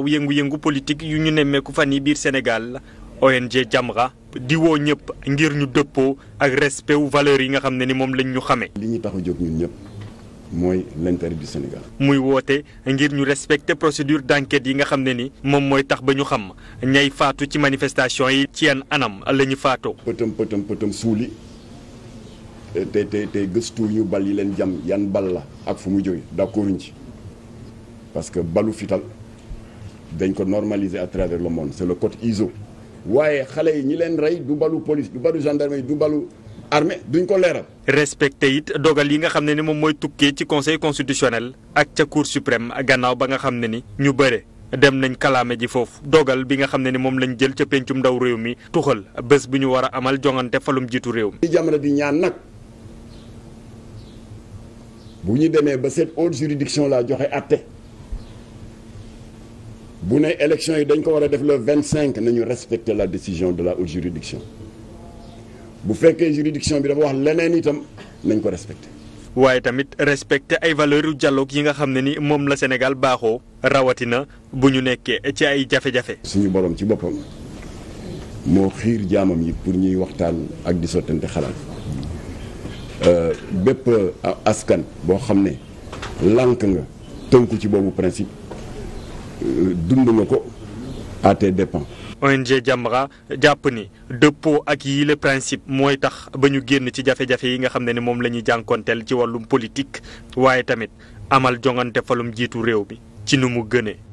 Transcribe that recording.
aw yëngu-yëngu politique yu ñu nemmeeku fan yi biir Sénégal ONG Jamra di diwoo ñëpp ngir ñu dëppoo ak respect wu valeurs yi nga xam ne ni moom lañ ñu xamee. li ñuy tax a jóg ñun ñëpp mooy l'intérêt du Sénégal. muy woote ngir ñu respecter procédure d'enquête yi nga xam ne ni moom mooy tax ba ñu xam ñay faatu ci manifestation yi ci yan anam la ñu faatoo. pëtëm pëtëm pëtëm suuli te te te gëstu ñu bal yi leen jam yan bal la ak fu mu jógee d'accord ñu ci parce balu fital. dañ ko normaliser à travers le monde c'est le code ISO waaye xale yi ñi leen rey du balu police du balu gendarmerie du balu armée duñ ko leeral. respecté it dogal yi nga xam ne ni moom mooy tukkee ci conseil constitutionnel ak ca cour suprême gannaaw ba nga xam ne ni ñu bëre dem nañ kalaame ji foofu dogal bi nga xam ne ni moom lañ jël ca pencum ndaw réew mi tuxal bés bi ñu war a amal jongante falum jiitu réew mi. li di ñaan nag bu ñu demee ba cette laa joxe àtte bu ne élection yi dañ ko war a def le vingt cinq nañu respecter la décision de la haute juridiction bu fekkee juridiction bi dafa wax leneen itam nañ ko respecter. waaye tamit respecter ay valeurs dialogue yi nga xam ne ni moom la senegal baaxoo rawatina bu ñu nekkee ci ay jafe-jafe. suñu borom ci boppam moo xiir jaamam yi pour ñuy waxtaan ak di sottante xalaat euh, bépp askan boo xam ne lànk nga tënku ci boobu principe. dund nga ko à tes dépens. ONG Jamra jàpp ni dëppoo ak yii le principe mooy tax ba ñu génn ci jafe-jafe yi nga xam ne ni moom la ñuy jànkonteel ci wàllum politique waaye tamit amal jongante falum jiitu réew mi ci nu mu gënee.